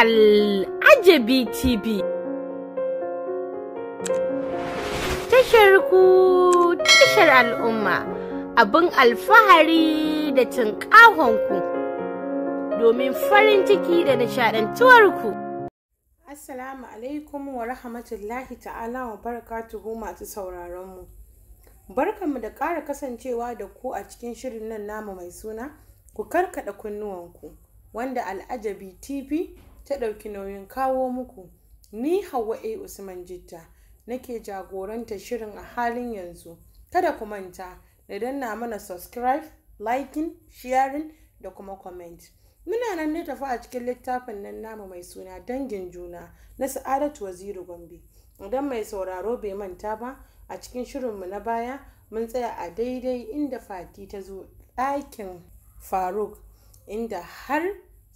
Al'ajabi TV. Tashar ku tashar al'umma abin alfahari da ku domin farin ciki da ku Assalamu alaikum wa rahmatullahi ta'ala wa barakatuhu masu sauraronmu. Barkanmu da ƙara kasancewa da ku a cikin shirin nan namu mai suna ku karkada kunnuwanku wanda al'ajabi TV ta ɗauki nauyin kawo muku ni Hauwa A Usman Jitta nake jagoranta shirin a halin yanzu kada ku manta da danna mana subscribe liking sharing da kuma comment muna nan ne tafi a cikin littafin nan namu mai suna dangin juna na sa'adatu waziri gombe idan mai sauraro bai manta ba a cikin shirin mu na baya mun tsaya a daidai inda fati ta zo ɗakin faruk inda har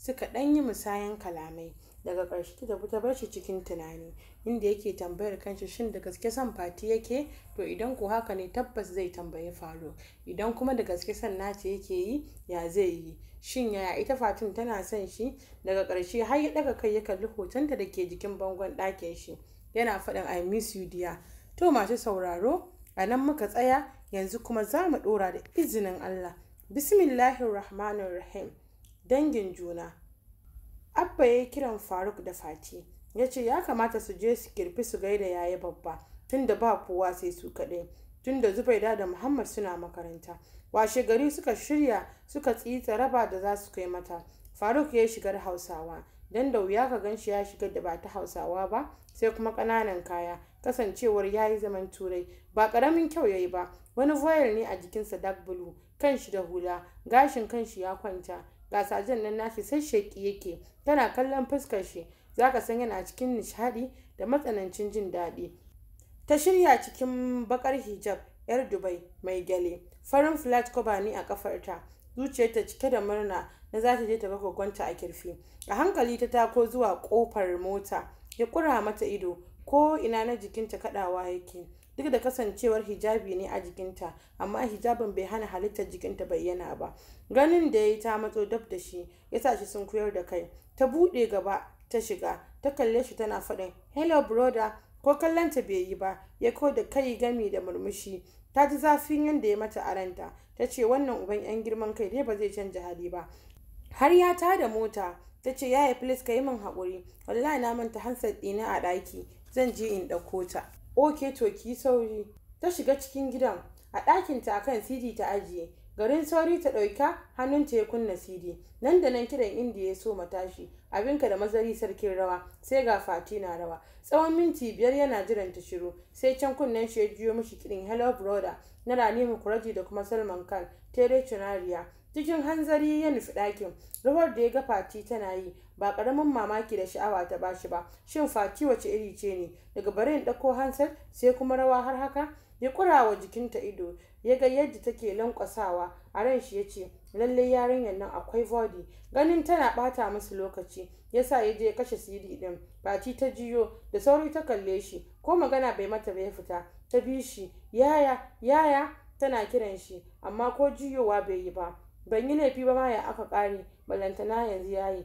suka ɗan yi musayan kalamai daga ƙarshe ta tafi ta bar shi cikin tunani inda yake tambayar kanshi shin da gaske son fati yake to idan ko haka ne tabbas zai tambayi falo idan kuma da gaske son nace yake yi ya zai yi shin yaya ita fatin tana son shi daga ƙarshe har ya ɗaga kai ya kalli hotonta da ke jikin bangon ɗakin shi yana faɗin i miss you dear to masu sauraro a nan muka tsaya yanzu kuma za mu ɗora da izinin allah bismillahirrahmanirrahim dangin juna abba ya kiran faruk da fati ya ce ya kamata su je su kirfi su gaida yaya babba tunda ba kowa sai su kaɗai tunda zubaida da muhammad suna makaranta washe gari suka shirya suka tsitsa raba da za su kai mata faruk ya shigar hausawa don da wuya ka shi ya shiga da ba ta hausawa ba sai kuma ƙananan kaya kasancewar ya yi zaman turai ba ƙaramin kyau ya yi ba wani voyar ne a jikinsa dark blue shi da hula gashin kan shi ya kwanta gasa jin nan nashi sai sheki yake tana kallon fuskar shi zaka san yana cikin nishadi da matsanancin jin daɗi ta shirya cikin bakar hijab yar dubai mai gyale farin flat cover ne a kafarta zuciyarta cike da murna na za ta je ta gwagwanta a kirfi a hankali ta tako zuwa kofar mota ya kura mata ido ko ina na jikinta kadawa yake duk da kasancewar hijabi ne a jikinta amma hijabin bai hana halittar jikinta bayyana ba ganin da ya yi ta matso dab da shi ya sa shi sun koyar da kai ta buɗe gaba ta shiga ta kalle shi tana faɗin hello brother ko kallonta bai yi ba ya ko da kai gami da murmushi ta ji zafin yadda ya mata aranta ta ce wannan uban yan girman kai dai ba zai canja hali ba har ya ta da mota ta ce yaya please ka yi min haƙuri wallahi na manta hansar ɗina a ɗaki zan je in ɗauko ta oke to ki sauri ta shiga cikin gidan a ɗakinta kan CD ta ajiye garin sauri ta ɗauka hannun ta ya kunna CD. nan da nan kiran inda ya so matashi abinka da mazari sarkin rawa sai ga fati na rawa tsawon minti biyar yana jiran ta shiru sai can kunnen shi ya jiyo mishi kiɗin hello brother na rani mukuraji da kuma salman khan tere cunariya cikin hanzari ya nufi ɗakin rawar da ya ga fati tana yi ba ƙaramin mamaki da sha'awa ta bashi ba shin fati wace iri ce ne daga barin ɗauko hansar sai kuma rawa har haka ya kura wa jikinta ido ya ga yadda take lankwasawa a ran shi ya ce lallai yarinyar nan akwai vodi. ganin tana ɓata musu lokaci Ya sa ya je kashe siri ɗin Fati ta jiyo da sauri ta kalle shi ko magana bai mata bai fita ta bi shi yaya yaya tana kiran shi amma ko jiyowa bai yi ba ban yi laifi ba ma ya aka ƙare balantana yanzu ya yi.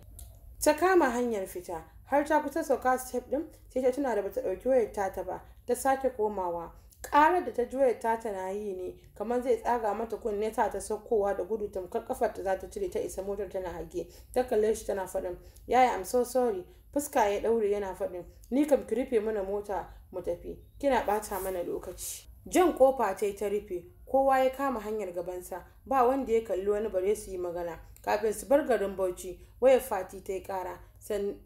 ta kama hanyar fita har ta kusa sauka step din sai ta tuna da bata ɗauki wayar tata ba ta sake komawa ƙarar da ta wayar tata na yi ne kamar zai tsaga mata kunne ta ta saukowa da gudu tamkar kafar ta za ta cire ta isa motar tana hage ta kalle shi tana faɗin yaya am so sorry fuska ya ɗaure yana faɗin ni kam ki rufe mana mota mu tafi kina ɓata mana lokaci jan kofa ta yi ta rufe kowa ya kama hanyar gabansa ba wanda ya kalli wani bare su yi magana kafin su bar garin bauchi wayar fati ta yi kara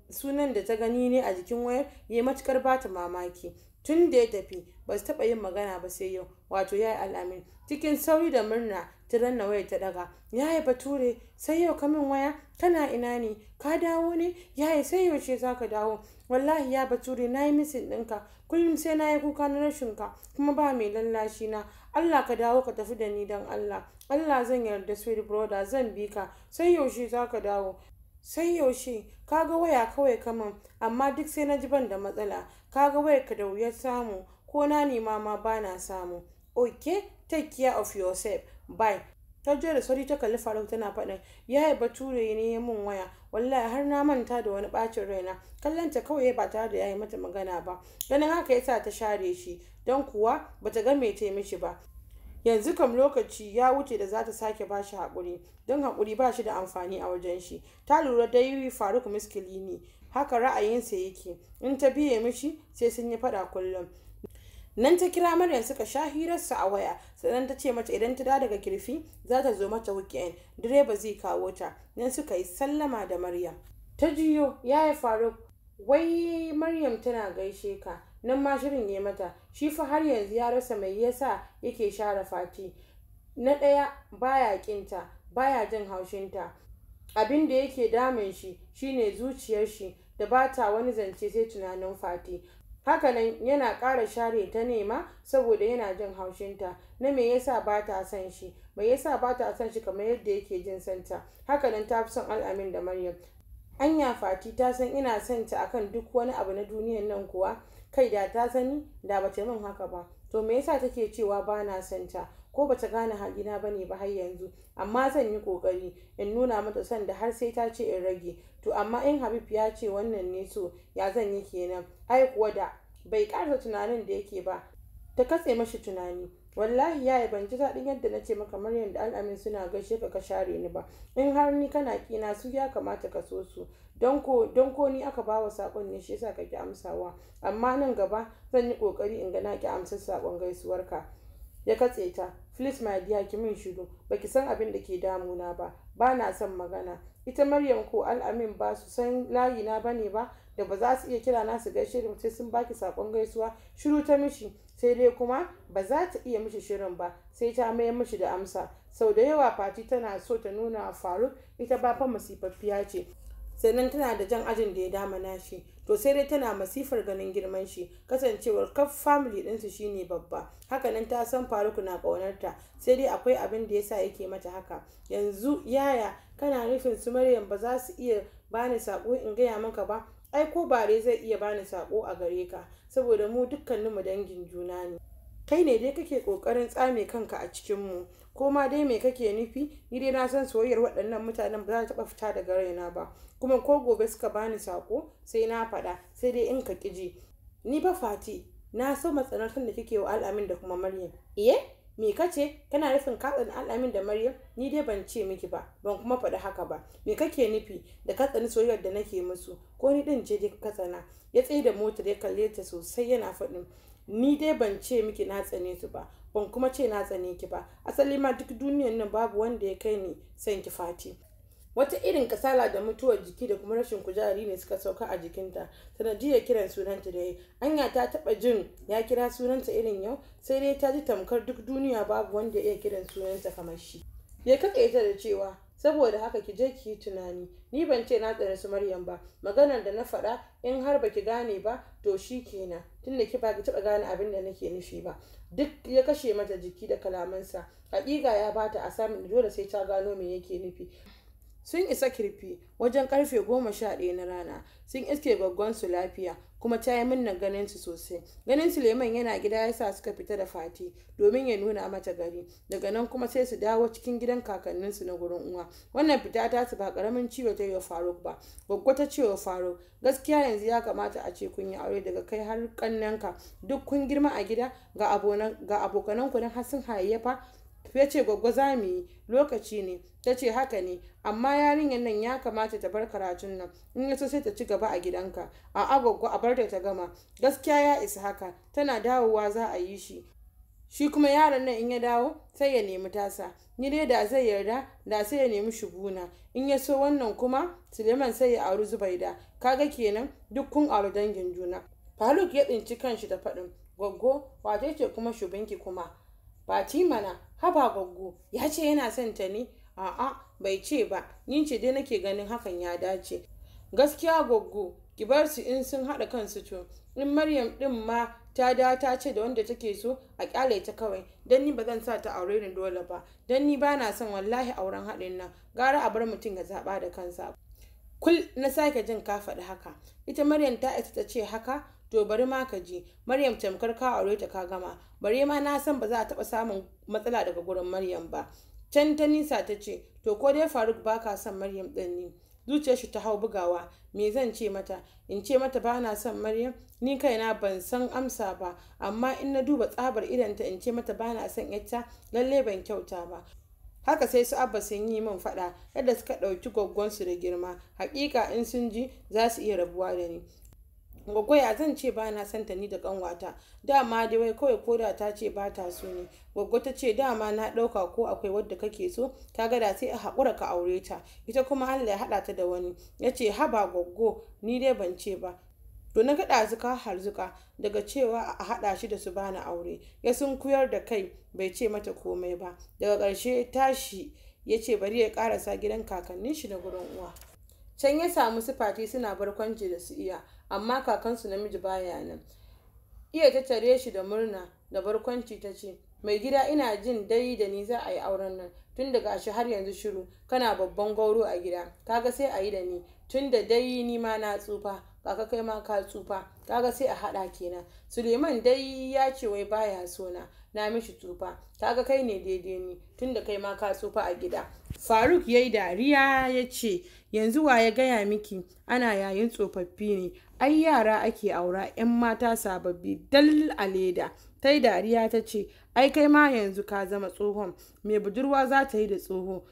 sunan da ta gani ne a jikin wayar ya yi matukar ba ta mamaki tun da ya tafi ba su taɓa yin magana ba sai yau wato ya yi alamin cikin sauri da murna ta ranna wayar ta daga ya yi bature sai yau ka waya kana ina ne ka dawo ne ya yi sai yaushe za ka dawo wallahi ya bature na yi misin ɗinka kullum sai na yi kuka na rashinka kuma ba mai lallashi na Allah ka dawo ka tafi da ni don Allah Allah zan yarda sweet brother zan bi ka sai yaushe za ka dawo sai yaushe kaga waya kawai kaman amma duk sai na ji ban da matsala kaga waya ka da wuyar samu ko na nema ma ba na samu okay take care of yourself bye ta je da sauri ta kalli faru tana faɗin ya bature ne ya mun waya wallahi har na manta da wani ɓacin raina kallon ta kawai ba tare da ya yi mata magana ba ganin haka ya sa ta share shi don kuwa bata ga mai ta mishi ba yanzu kam lokaci ya wuce da za ta sake ba shi haƙuri don haƙuri ba shi da amfani a wajen shi ta lura da yi faruk miskili ne haka ra'ayinsa yake in ta biye mishi sai sun yi faɗa kullum nan ta kira maryam suka sha hirarsa a waya sannan ta ce mata idan ta da daga kirfi za ta zo mata weekend direba zai kawo ta nan suka yi sallama da maryam ta jiyo ya yi faruk wai maryam tana gaishe ka Nan ma shirin ya mata shi fa har yanzu ya rasa mai yasa yake share fati na ɗaya baya ƙinta baya jin haushinta abin da yake damun shi shine zuciyar shi da ba ta wani zance sai tunanin fati hakanan yana ƙara share ta nema saboda yana jin haushinta na me yasa ba ta son shi Mai yasa ba ta son shi kamar yadda yake jin santa hakanan ta fi son al'amin da maryam anya fati ta san ina son ta akan duk wani abu na duniyan nan kuwa kai da ta sani da bata min haka ba to me yasa take cewa ba na son ta ko bata gane ba bane ba har yanzu amma zan yi kokari in nuna mata son da har sai ta ce in rage to amma in Habib ya ce wannan ne so ya zan yi kenan ai kuwa da bai karsa tunanin da yake ba ta katse mashi tunani wallahi yaya ban ji daɗin yadda na ce maka Maryam da Al'amin suna gaishe ka ka share ni ba in har ni kana kina su ya kamata ka so su don ko ni aka bawa sakon ne shi yasa kake amsawa amma nan gaba zan yi kokari in ga na ki amsar sakon gaisuwarka ya katse ta please my dear ki min shiru baki san abin da ke damuna ba ba na son magana ita Maryam ko Al'amin ba su san layi na bane ba da ba za su iya kira na su gaishe da sai sun baki sakon gaisuwa shiru ta mishi sai dai kuma ba za ta iya mishi shirin ba sai ta mayar mishi da amsa sau da yawa fati tana so ta nuna Faruk ita ba fa masifaffiya ce sannan tana da jan ajin da ya dama nashi to sai dai tana masifar ganin girman shi kasancewar kaf family ɗinsu shine babba haka nan ta san faruku na ƙaunarta sai dai akwai abin da yasa yake mata haka yanzu yaya kana nufin su maryam ba za su iya bani sako in gaya maka ba ai ko bare zai iya bani sako a gare ka saboda mu dukkaninmu dangin juna ne kai ne dai kake ƙoƙarin tsame kanka a cikinmu ko ma dai me kake nufi ni dai na san soyayyar waɗannan mutanen ba za ta taɓa fita daga raina ba kuma ko gobe suka bani sako sai na faɗa sai dai in ka ƙiji ni ba fati na so matsanantar da kike wa al'amin da kuma maryam iye me ka ce kana nufin katsan al'amin da maryam ni dai ban ce miki ba ban kuma faɗi haka ba me kake nufi da katsani soyayyar da nake musu ko ni ɗin je dai katsana ya tsaye da motar ya kalle ta sosai yana faɗin ni dai ban ce miki na tsane su ba ban kuma ce na tsane ki ba asali ma duk duniyan nan babu wanda ya kai ni san ki fati wata irin kasala da mutuwar jiki da kuma rashin kujari ne suka sauka a jikinta sanadiyar kiran sunanta da yai. anya ta taɓa jin ya kira sunanta irin yau sai dai ta ji tamkar duk duniya babu wanda ya iya kiran sunanta kamar shi ya kaka ita da cewa saboda haka ki je ki yi tunani ni ban ce na tsare su maryam ba maganar da na faɗa in har baki gane ba to shi kenan tunda ki ki taɓa gane abin da nake nufi ba duk ya kashe mata jiki da kalamansa hakika ya bata a samun dole sai ta gano me yake nufi sun isa kirfi wajen karfe goma sha ɗaya na rana sun iske gwaggon su lafiya kuma ta yi minna ganin su sosai ganin suleiman yana gida ya sa suka fita da fati domin ya nuna mata gari daga nan kuma sai su dawo cikin gidan kakanninsu na gurin uwa wannan fita ta su ba karamin ciwo ta yi wa faruk ba gwaggo ta ce wa faruk gaskiya yanzu ya kamata a ce kun yi aure daga kai har kannanka duk kun girma a gida ga abokananku don har sun hayayyafa ya ce gwaggwa za mu yi lokaci ne ta ce haka ne amma yarinyar nan ya kamata ta bar karatun nan in ya so sai ta ci gaba a gidanka a agwagwa a bar ta gama gaskiya ya isa haka tana dawowa za a yi shi shi kuma yaron nan in ya dawo sai ya nemi tasa ni dai da zai yarda da sai ya nemi shuguna in ya so wannan kuma suleiman sai ya auri zubaida kaga kenan duk kun auri dangin juna faruk ya tsinci kanshi da faɗin gwaggo wace ce kuma shubinki kuma na. haba gaggo ya ce yana son ta ne a'a bai ce ba ni ce dai nake ganin hakan ya dace gaskiya goggo ki bar su in sun haɗa kansu to in maryam ɗin ma ta da ta ce da wanda take so a kyale ta kawai don ni ba zan sa ta aure ni dole ba don ni ba na son wallahi auren haɗin nan gara a bar mutum ya zaɓa da kansa kul na sake jin ka faɗi haka ita maryam ta isa ta ce haka to bari ma ka je maryam tamkar ka aure ta ka gama bare ma na san ba za a taba samun matsala daga gurin maryam ba can ta nisa ta ce to ko dai faruk ba ka son maryam ɗin ne zuciyar shi ta hau bugawa me zan ce mata in ce mata ba na son maryam ni kaina ban san amsa ba amma in na duba tsabar idanta in ce mata ba na son yacca lalle ban kyauta ba haka sai su abba sun yi min faɗa yadda suka ɗauki gwaggonsu da girma hakika in sun ji za su iya rabuwa da ni gwaggwaya zan ce ba na son ni da kanwata dama da wai kawai koda ta ce ba ta so ne gwaggwa ta ce dama na ɗauka ko akwai wadda kake so ta gada sai a haƙura ka aure ta ita kuma allah ya haɗa ta da wani ya ce haba gwaggo ni dai ban ce ba to na zuka har harzuka daga cewa a haɗa shi da su bani aure ya sun sunkuyar da kai bai ce mata komai ba daga ƙarshe tashi ya ce bari ya ƙarasa gidan kakannin shi na gurin uwa can ya samu sifati suna barkwanci da su iya amma kakansu namiji baya nan iya ta tare shi da murna da barkwanci ta ce mai gida ina jin dai da ni za a yi auren nan tun daga shi har yanzu shiru kana babban gauro a gida kaga sai a yi da ni tun da dai ni ma na tsufa kaka kai ma ka tsufa kaga sai a haɗa kenan suleiman dai ya ce wai baya so na na mishi tsufa kaga kai ne daidai ni tun da kai ma ka tsufa a gida faruk yayi dariya ya ce yanzu wa ya gaya miki ana yayin tsofaffi ne ai yara ake aura 'yan mata sababbi dal a leda ta yi dariya ta ce ai kai ma yanzu ka zama tsohon mai budurwa za ta yi da tsoho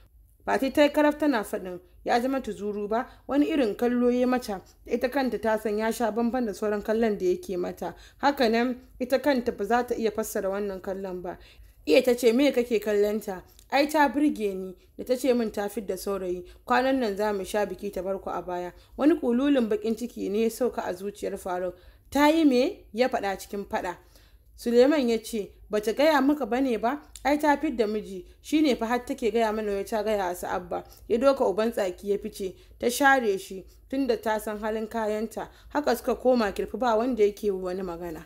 ba ta yi karaf tana faɗin ya zama tuzuru ba wani irin kallo ya mata ita kanta ta san ya sha banban da sauran kallon da yake mata hakanan ita kanta ba za ta iya fassara wannan kallon ba iya ta ce me kake kallon ta ai ta burge ni da ta ce min ta da saurayi kwanan nan za mu sha biki ta barku a baya wani kululin bakin ciki ne ya sauka a zuciyar faruk ta yi me ya faɗa cikin faɗa suleiman ya ce bata gaya maka ba ne ba ai ta da miji ne fa har take gaya mana ya ta gaya a sa'abba ya doka uban tsaki ya fice ta share shi tunda ta san halin kayanta haka suka koma kirfi ba wanda yake wani magana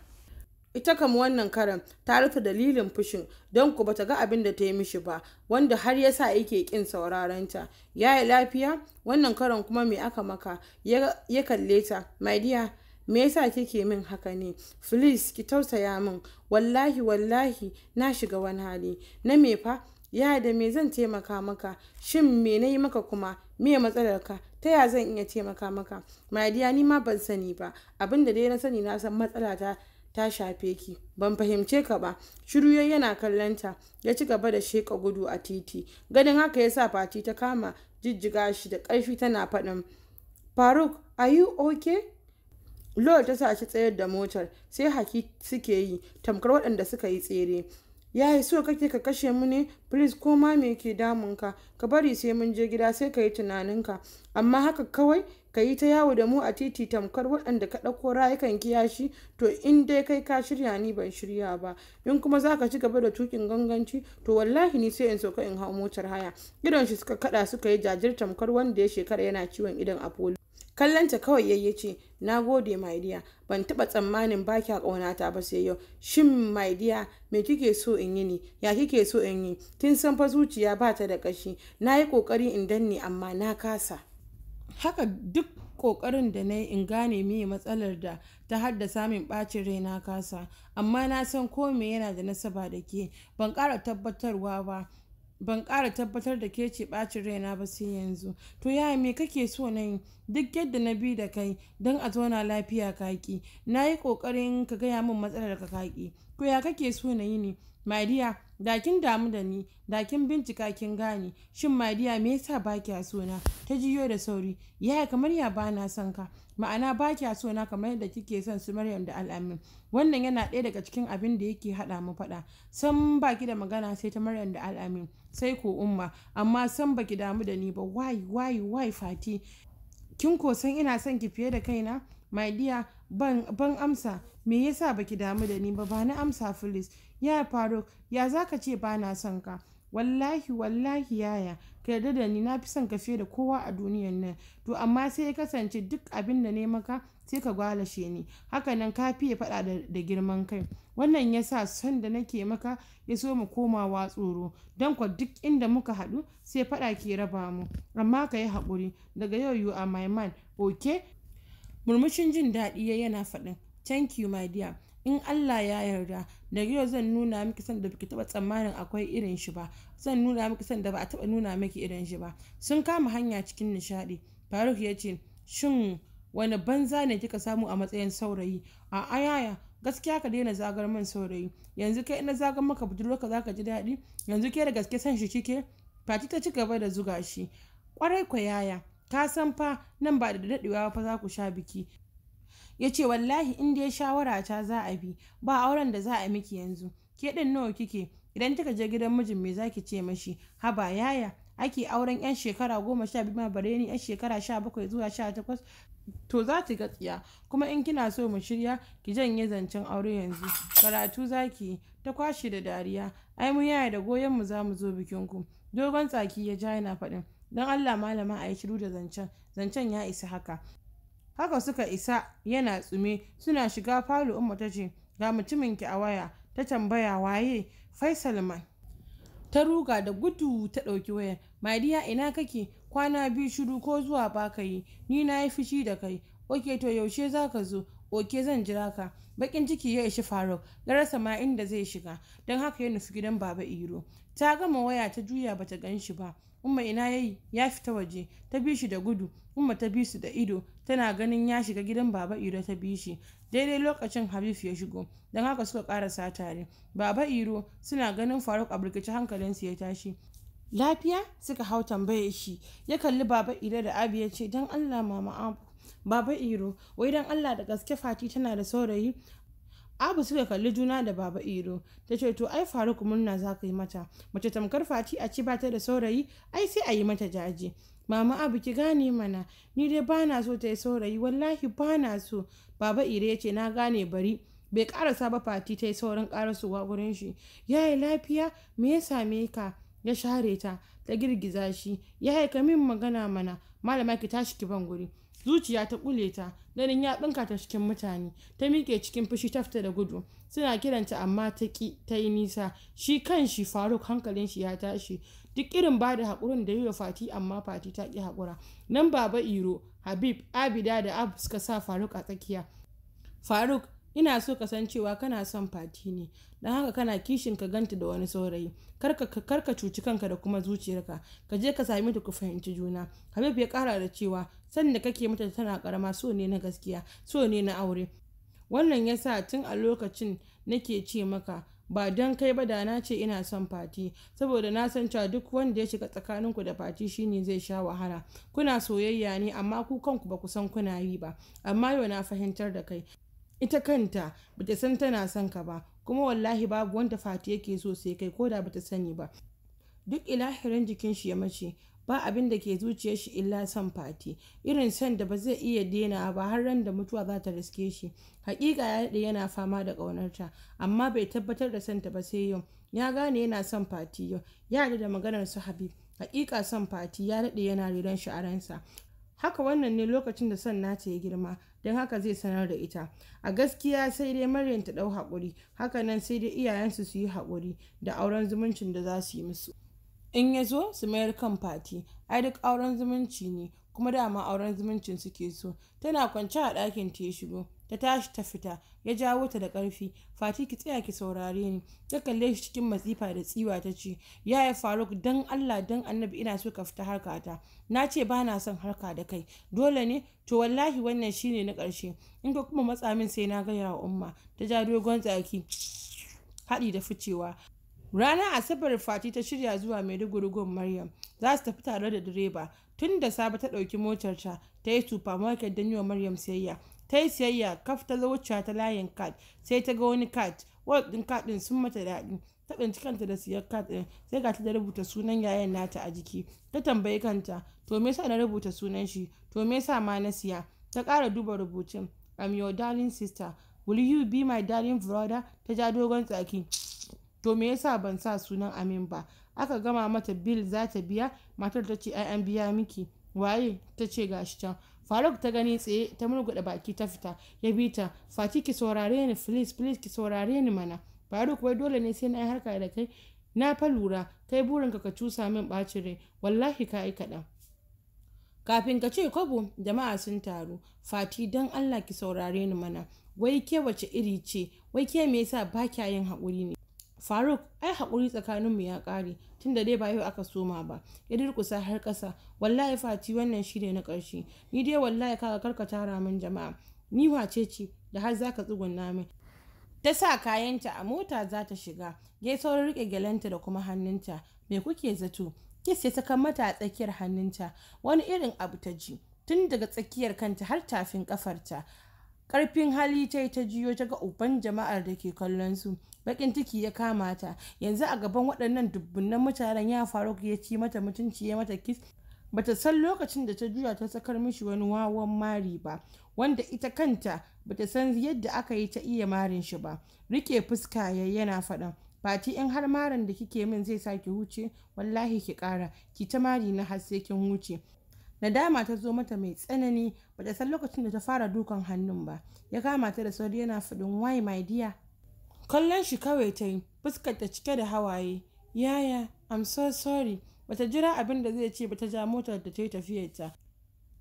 ita kam wannan karan ta rufe dalilin fushin don ku bata ga abin da ta yi mishi ba wanda har ya sa yake kin saurarenta ya yi lafiya wannan karan kuma me aka maka ya kalle ta my dear me yasa kike min haka ne please ki tausaya min wallahi wallahi na shiga wani hali na me fa ya da me zan taimaka maka shin me na yi maka kuma me matsalarka ta ya zan iya taimaka maka my dear ni ma ban sani ba abin da dai na sani na san matsala ta. ta shafe ki ban fahimce ka ba shiru ya yana kallon ta ya ci gaba da sheka gudu a titi ganin haka ya sa fati ta kama jijjiga shi da ƙarfi tana faɗin faruk are you okay lol ta sa shi tsayar da motar sai haki suke yi tamkar waɗanda suka yi tsere ya yi so kake ka kashe mu ne please ko ma me ke damunka ka bari sai mun je gida sai ka yi tunaninka amma haka kawai ka yi ta yawo da mu a titi tamkar waɗanda ka ɗauko rayukan kiyashi to in dai kai ka shirya ni ban shirya ba in kuma za ka ci gaba da tukin ganganci to wallahi ni sai in sauka in hau motar haya idon shi suka kaɗa suka yi jajir tamkar wanda ya shekara yana ciwon idon apollo kallanta kawai yayye ce na gode my dear ban taba tsammanin ba kya ba sai yau shin my dear me kike so in yi ne ya kike so in yi kin san fa zuciya ba ta da ƙashi na yi ƙoƙari in danne amma na kasa haka duk ƙoƙarin da na yi in gane miye matsalar da ta haddasa min ɓacin rai na kasa amma na san ko me yana da nasaba da ke ban ƙara tabbatar da ke ce ɓacin raina ba sai yanzu to ya me kake so na yi duk yadda na bi da kai don a zauna lafiya kaki na yi ƙoƙarin ka gaya min matsalar ka kaki to ya kake so na yi ne maria dakin damu da ni da bincika kin gane shin maria me yasa ba kya so na ta jiyo da sauri yaya kamar ya ba na son ka ma'ana ba kya so na kamar yadda kike son su Maryam da Al'amin wannan yana ɗaya daga cikin abin da yake haɗa mu faɗa san baki da magana sai ta Maryam da Al'amin sai ko umma amma san baki damu da ni ba wai wai wai fati kin ko san ina son ki fiye da kaina my dear ban amsa me yasa baki damu da ni ba ba na amsa Phyllis ya faruk ya za ka ce ba na son ka wallahi wallahi yaya ka yarda da ni na fi son ka fiye da kowa a duniyan nan to amma sai ya kasance duk abin da ne maka sai ka gwalashe ni hakanan ka fiye faɗa da girman kai wannan ya sa son da nake maka ya so mu komawa tsoro don kwa duk inda muka haɗu sai faɗa ke raba mu amma ka yi haƙuri daga yau you are my man murmushin jin daɗi yana faɗin thank you my dear in Allah ya yarda daga yau zan nuna miki san da baki taba tsammanin akwai irin shi ba zan nuna miki san da ba a taba nuna miki irin shi ba sun kama hanya cikin nishadi Faruk ya ce shin wani banza ne kika samu a matsayin saurayi a ayaya gaskiya ka daina zagar man saurayi yanzu kai ina zagar maka budurwarka zaka ji daɗi yanzu ke da gaske san shi kike fati ta ci gaba da zuga shi kwarai ku yaya ka san fa nan ba da daɗewa fa za ku sha biki ya ce wallahi in dai shawara ta za a bi ba auren da za a miki yanzu ke ɗin nawa kike idan kika je gidan mijin me zaki ce mashi haba yaya ake auren yan shekara goma sha biyu ma bare ni yan shekara sha bakwai zuwa sha takwas to za ta tsiya kuma in kina so mu shirya ki janye zancen aure yanzu karatu zaki ta kwashe da dariya ai mu yaya da goyon mu za mu zo bikin ku dogon tsaki ya ja yana faɗin don allah malama a yi shiru da zancen zancen ya isa haka haka suka isa yana tsume suna shiga falo umma ta ce ga mutuminki a waya ta tambaya waye faisal man ta ruga da gudu ta ɗauki wayar madiya ina kake kwana biyu shiru ko zuwa ba yi ni na yi fushi da kai oke to yaushe za ka zo oke zan jira ka bakin ciki ya ishi faruk na rasa ma inda zai shiga don haka ya nufi gidan baba iro ta gama waya ta juya bata gan shi ba umma ina yayi ya fita waje ta bi shi da gudu umma ta bi su da ido tana ganin ya shiga gidan baba iro ta bi shi daidai lokacin habib ya shigo don haka suka karasa tare baba iro suna ganin faruk a hankalin su ya tashi lafiya suka hau tambaye shi ya kalli baba iro da abi ya ce don allah mama abu baba iro wai don allah da gaske fati tana da saurayi Abu suka kalli juna da Baba Iro, ta ce to ai Faruk murna za ka yi mata, mace tamkar fati a ci bata da saurayi, ai sai a yi mata jaje. Mama Abu ki gane mana, ni dai ba na so ta yi saurayi, wallahi ba na so. Baba Iro ya ce na gane bari, bai karasa ba fati ta yi saurin karasuwa gurin shi. ya yi lafiya, me ya same ka? Ya share ta, ta girgiza shi, ya haika min magana mana, malama ki tashi ki ban guri. zuciya ta kule ta ganin ya ɗinka ta cikin mutane ta miƙe cikin fushi tafta da gudu suna kiranta amma ta ki ta yi nisa shi kan shi faruk hankalin shi ya tashi duk irin ba da haƙurin da yi wa fati amma fati ta ƙi haƙura nan baba iro habib abida da ab suka sa faruk a tsakiya faruk ina so kasancewa kana son fati ne don haka kana kishin ka ganta da wani saurayi kar ka cuci kanka da kuma zuciyarka ka je ka sami ta ku fahimci juna habib ya kara da cewa san da kake mata tana karama so ne na gaskiya so ne na aure wannan ya sa tun a lokacin nake ce maka ba don kai ba da na ce ina son fati saboda na san cewa duk wanda ya shiga tsakaninku da fati shine zai sha wahala kuna soyayya ne amma ku kanku ba ku san kuna yi ba amma yau na fahimtar da kai ita kanta bata san tana son ka ba kuma wallahi babu wanda fati yake so sai kai ko da bata sani ba duk ilahirin jikin shi ya mace ba abin da ke zuciyar shi illa son fati irin son da ba zai iya dena ba har ran da mutuwa za ta riske shi hakika ya daɗe yana fama da ƙaunarta amma bai tabbatar da ta ba sai yau ya gane yana son fati yau ya da maganar su habib hakika son fati ya daɗe yana riran shi a ransa haka wannan ne lokacin da son nata ya girma don haka zai sanar da ita a gaskiya sai dai maryam ta ɗau haƙuri nan sai dai iyayensu su yi haƙuri da auren zumuncin da za su yi musu in ya zo su mayar kan fati ai duk auren zumunci ne kuma dama auren zumuncin suke so tana kwance a ɗakin ta ya shigo ta tashi ta fita ya jawo ta da ƙarfi fati ki tsaya ki saurare ni ta kalle shi cikin matsifa da tsiwa ta ce yi faruk don allah don annabi ina so ka fita harka ta na ce ba na son harka da kai dole ne to wallahi wannan shine na ƙarshe in ka kuma matsa min sai na gaya wa umma ta ja dogon tsaki haɗi da ficewa Ranar Asabar Fati ta shirya zuwa Maiduguri Maryam za su tafi tare da direba tun da safe ta ɗauki motarta ta yi supermarket don yi wa Maryam sayayya ta yi siyayya kaf ta zo wuce ta layin kat sai ta ga wani kat wal din kat din sun mata daɗi ta ɗanci kanta da siyar kat din sai ga ta da rubuta sunan yayan nata a jiki ta tambayi kanta to me yasa na rubuta sunan shi to me yasa ma na siya ta ƙara duba rubutun I'm your darling sister will you be my darling brother ta ja dogon tsaki to me yasa ban sa sunan Amin ba aka gama mata bill za ta biya matar ta ce ai an biya miki waye ta ce gashi can faruk ta gani tsaye ta murguɗa baki ta fita ya bi ta fati ki saurare ni please please ki saurare ni mana faruk wai dole ne sai na yi harka da kai na fa lura kai burinka ka cusa min bacin rai wallahi ka yi kaɗan kafin ka ce kwabo jama'a sun taru fati don allah ki saurare ni mana wai ke wace iri ce wai ke me yasa ba kya yin haƙuri ne faruk ai haƙuri tsakaninmu ya ƙare tun da dai ba yau aka soma ba ya durƙusa har ƙasa wallahi fati wannan shi ne na ƙarshe ni dai wallahi kaga karka tara min jama'a ni wace ce da har zaka tsugunna min ta sa kayanta a mota za ta shiga ya saurin riƙe gyalenta da kuma hannunta me kuke zato kis ya saka mata a tsakiyar hannunta wani irin abu ta ji tun daga tsakiyar kanta har tafin kafarta karfin hali ta ta jiyo ta ga uban jama'ar da ke kallon su bakin ciki ya kama ta yanzu a gaban waɗannan dubbunan mutanen ya faru ya ci mata mutunci ya mata kis bata san lokacin da ta juya ta sakar mishi wani wawan mari ba wanda ita kanta bata san yadda aka yi ta iya marin shi ba rike fuska ya yana faɗan fati in har marin da kike min zai sa ki huce wallahi ki ƙara ki ta mari na har sai kin huce nadama ta zo mata mai tsanani ba ta san lokacin da ta fara dukan hannun ba ya kama ta da sauri yana faɗin why my dear kallon shi kawai ta yi fuskar ta cike da hawaye yaya i'm so sorry bata jira abin da zai ce bata ja motar da ta yi tafiyar ta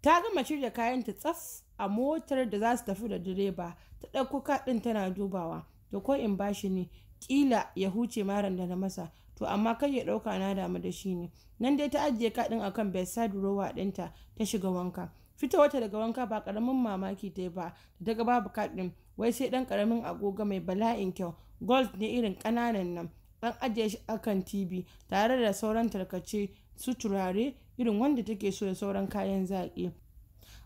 ta gama shirya kayan ta tsaf a motar da za su tafi da direba ta ɗauko kaɗin tana dubawa da ko in bashi ne ƙila ya huce maran da na masa to amma kai ya ɗauka na damu da shi ne nan dai ta ajiye kaɗin akan bedside rowa ɗinta ta shiga wanka fita wata daga wanka ba ƙaramin mamaki ta yi ba da daga babu kaɗin wai sai ɗan ƙaramin agogo mai bala'in kyau gold ne irin ƙananan nan an ajiye shi akan tv tare da sauran tarkace su turare irin wanda take so da sauran kayan zaƙi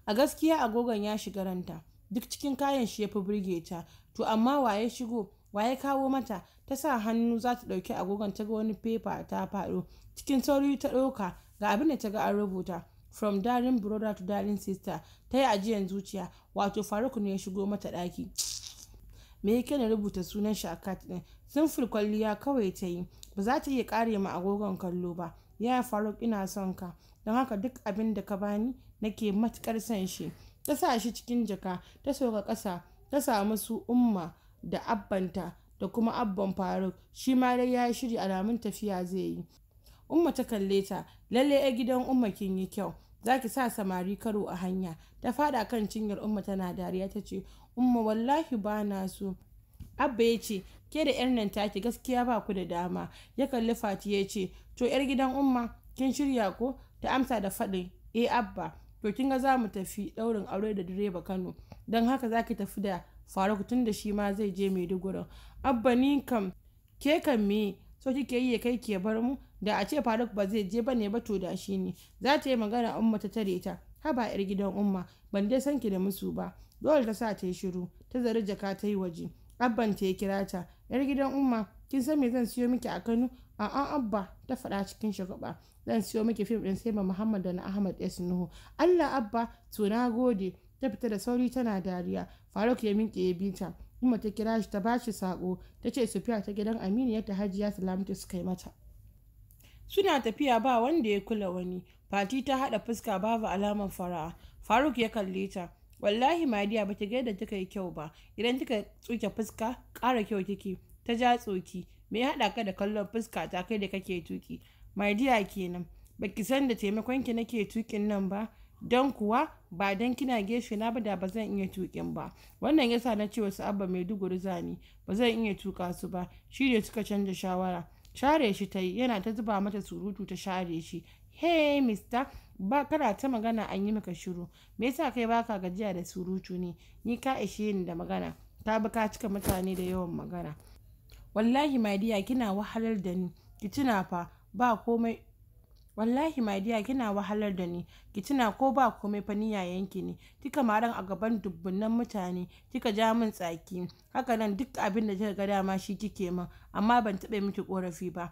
a gaskiya agogon ya shiga ranta duk cikin kayan shi ya fi burge ta to amma waye shigo waye kawo mata ta sa hannu za ta ɗauki agogon ta ga wani fefa ta faɗo cikin sauri ta ɗauka ga abin da ta ga an rubuta from darin brother to darin sister ta yi ajiyan zuciya wato faruk ne ya shigo mata ɗaki me yake na rubuta sunan shi a kat ɗin sun kwalliya kawai ta yi ba za ta iya ƙare ma agogon kallo ba ya faruk ina son ka don haka duk abin da ka bani nake matuƙar son shi ta sa shi cikin jaka ta sauka ƙasa ta samu su umma da abbanta da kuma abban faruk shi ma dai ya yi shiri alamun tafiya zai yi umma ta kalle ta lalle a gidan umma kin yi kyau za ki sa samari karo a hanya ta fada kan cinyar umma tana dariya ta ce umma wallahi ba na so abba ya ce ke da yar nan taki gaskiya ba ku da dama ya kalli fati ya ce to yar gidan umma kin shirya ko ta amsa da faɗin eh abba to kin ga za mu tafi ɗaurin aure da direba kano don haka za ki tafi da faruk tun da shi ma zai je maiduguri abba ni kam ke kan me so kike yi ya kai ke bar mu da a ce faruk ba zai je bane ba to da shi ne za ta yi magana umma ta tare ta haba yar gidan umma ban dai san ki da musu ba dole ta sa ta yi shiru ta zari jaka ta yi waje abban ta yi kira ta yar gidan umma kin san me zan siyo miki a kano an abba ta faɗa cikin shagaba zan siyo miki fim ɗin sai ma muhammad da na ahmad ya sunuhu allah abba to na gode ta fita da sauri tana dariya faruk ya miƙe ya bita kuma ta kira shi ta bashi sako ta ce sufiya ta gidan aminiyar ta hajiya salamatu suka yi mata suna tafiya ba wanda ya kula wani fati ta haɗa fuska babu alamar fara'a faruk ya kalle ta wallahi madiya bata ga yadda kika yi kyau ba idan kika tsuke fuska ƙara kyau kike ta ja tsoki me ya haɗa ka da kallon fuska ta kai da kake tuki madiya kenan baki san da taimakon ki nake tukin nan ba don kuwa ba don kina gefe na ba da ba zan iya tukin ba wannan yasa na ce wasu abba maiduguri zani ba zan iya tuƙa su ba shi ne suka canza shawara share shi ta yi yana ta zuba mata surutu ta share shi hey mister ba kana ta magana an yi maka shiru me yasa kai baka gajiya da surutu ne ni ka ishe ni da magana ta bi ka cika mutane da yawan magana wallahi madiya kina wahalar da ni ki tuna fa ba komai wallahi my dear kina wahalar da ni ki tuna ko ba komai fa ni yayanki ne kika maran a gaban dubbunan mutane kika ja min tsaki haka nan duk abin da kika ga dama shi kike min amma ban taɓa miki korafi ba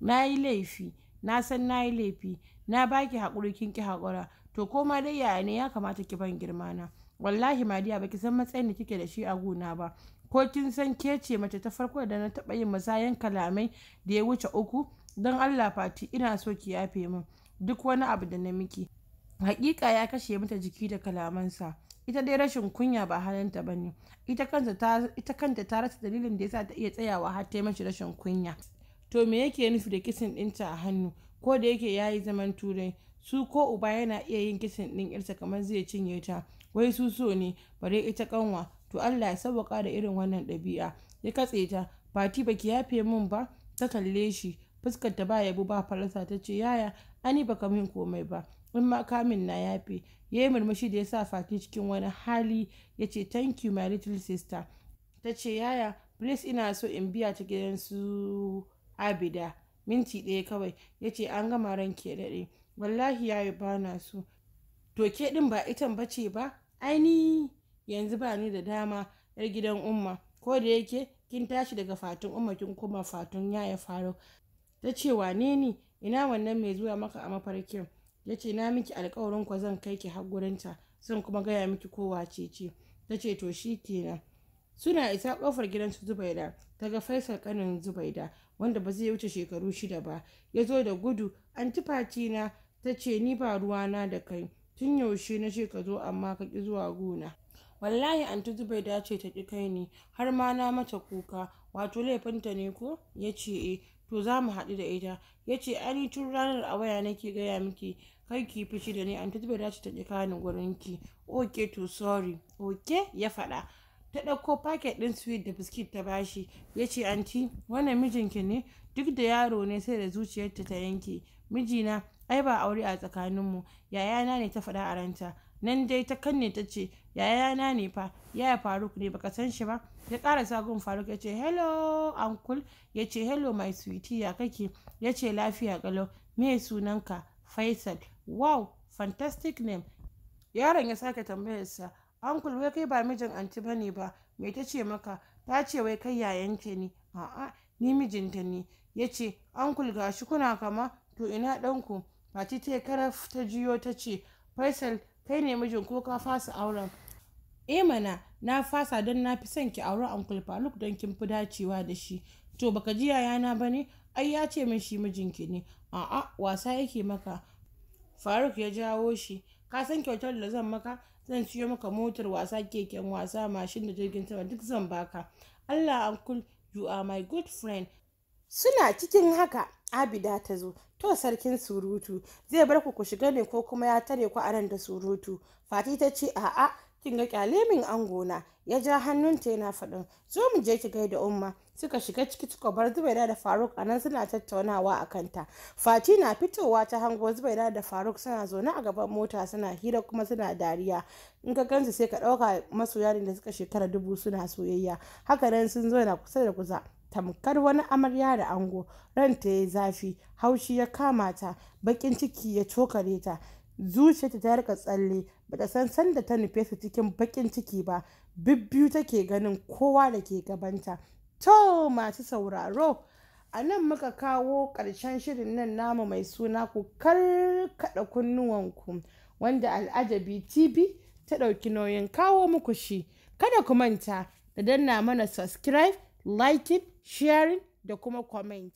na yi laifi na san na yi laifi na baki haƙuri kin ki haƙura to koma dai yaya ne ya kamata ki ban girma na wallahi my dear baki san matsayin da kike da shi a gona ba ko kin san ke ce mace ta farko da na taɓa yin musayan kalamai da ya wuce uku don allah fati ina so ki yafe min duk wani abu da na miki hakika ya kashe mata jiki da kalamansa ita dai rashin kunya ba halinta ba ne ita kanta ta rasa dalilin da ya sa ta iya tsayawa har ta mashi rashin kunya to me yake nufi da kisin ɗinta a hannu ko da yake ya yi zaman turai su ko uba yana iya yin kisin ɗin irsa kamar zai cinye ta wai su so ne bare ita kanwa to Allah ya sauwaka da irin wannan ɗabi'a ya katse ta fati baki yafe min ba ta kalle shi fuskar ta ba yabo ba falasa ta ce yaya ani baka min komai ba in ma kamin na yafe yayi murmushi da ya sa fati cikin wani hali ya ce thank you my little sister ta ce yaya please ina so in biya ta gidan su abida minti ɗaya kawai ya ce an gama ran ke daɗe wallahi ya yi bana su to ke ɗin ba itan ba ce ba aini yanzu ba ni da dama yar gidan umma ko da yake kin tashi daga fatun umma kin koma fatun yaya faruk ta ce wane ne ina wannan mai zuwa maka a mafarkin ya ce na miki alkawarin ku zan kai ki har zan kuma gaya miki kowa ce ce ta ce to shi kenan suna isa kofar gidan su zubaida ta ga faisal kanin zubaida wanda ba zai wuce shekaru shida ba ya zo da gudu an tufaci na ta ce ni ba ruwa na da kai tun yaushe na ce ka zo amma ka ki zuwa gona wallahi anti zubaida ce ta ƙi kai ni har ma na mata kuka wato laifinta ne ko ya ce e to za mu haɗu da ita ya ce ani tun ranar a waya nake gaya miki kai ki fushi da ni an ta dace ta ki kani gurin ki okay to sorry okay ya faɗa ta ɗauko paket ɗin sweet da biskit ta bashi ya ce anti wannan mijinki ne duk da yaro ne sai da zuciyarta ta yanke mijina ai ba aure a tsakaninmu yayana ne ta faɗa a ranta nan dai ta kanne ta ce yayana ne fa yaya faruk ne baka san shi ba ya ƙara sagun faruk ya ce hello uncle ya ce hello my sweetie ya kake ya ce lafiya kalau me sunanka faisal wow fantastic name yaron ya sake tambayarsa uncle wai kai ba mijin anti ne ba me ta ce maka ta ce wai kai yayanke ne a'a ni mijinta ne ya ce uncle gashi kuna kama to ina ɗanku Fati ta karaf ta jiyo ta ce faisal kai ne mijin ko ka fasa auren e mana na fasa don na fi son ki an kulfa Faruk don kin fi dacewa da shi to baka ji yayana ba ne ai ya ce min shi mijinki ne a'a wasa yake maka Faruk ya jawo shi ka san kyautar da zan maka zan siyo maka motar wasa keken wasa mashin da jirgin sama duk zan baka Allah kul you are my good friend suna cikin haka abida ta zo to sarkin surutu zai bar ku ku shiga ne ko kuma ya tare ku a ran da surutu fati ta ce a'a kin ga kyale min angona ya ja hannunta yana faɗin zo mu je ki gai da umma suka shiga ciki suka bar zubaira da faruk a nan suna tattaunawa a kanta fati na fitowa ta hango zubaira da faruk suna zaune a gaban mota suna hira kuma suna dariya in ka gansu sai ka ɗauka masoya ne da suka shekara dubu suna soyayya haka nan sun zo na kusa da kusa tamkar wani amarya da ango ranta ya zafi haushi ya kama ta bakin ciki ya cokare ta zuciyarta ta rika tsalle bata san sanda ta nufe su cikin bakin ciki ba bibbiyu take ganin kowa da ke gabanta to masu sauraro a nan muka kawo ƙarshen shirin nan namu mai suna ku karkada kunnuwanku wanda al'ajabi tv ta ɗauki nauyin kawo muku shi kada ku manta da danna mana subscribe it sharing da kuma comment.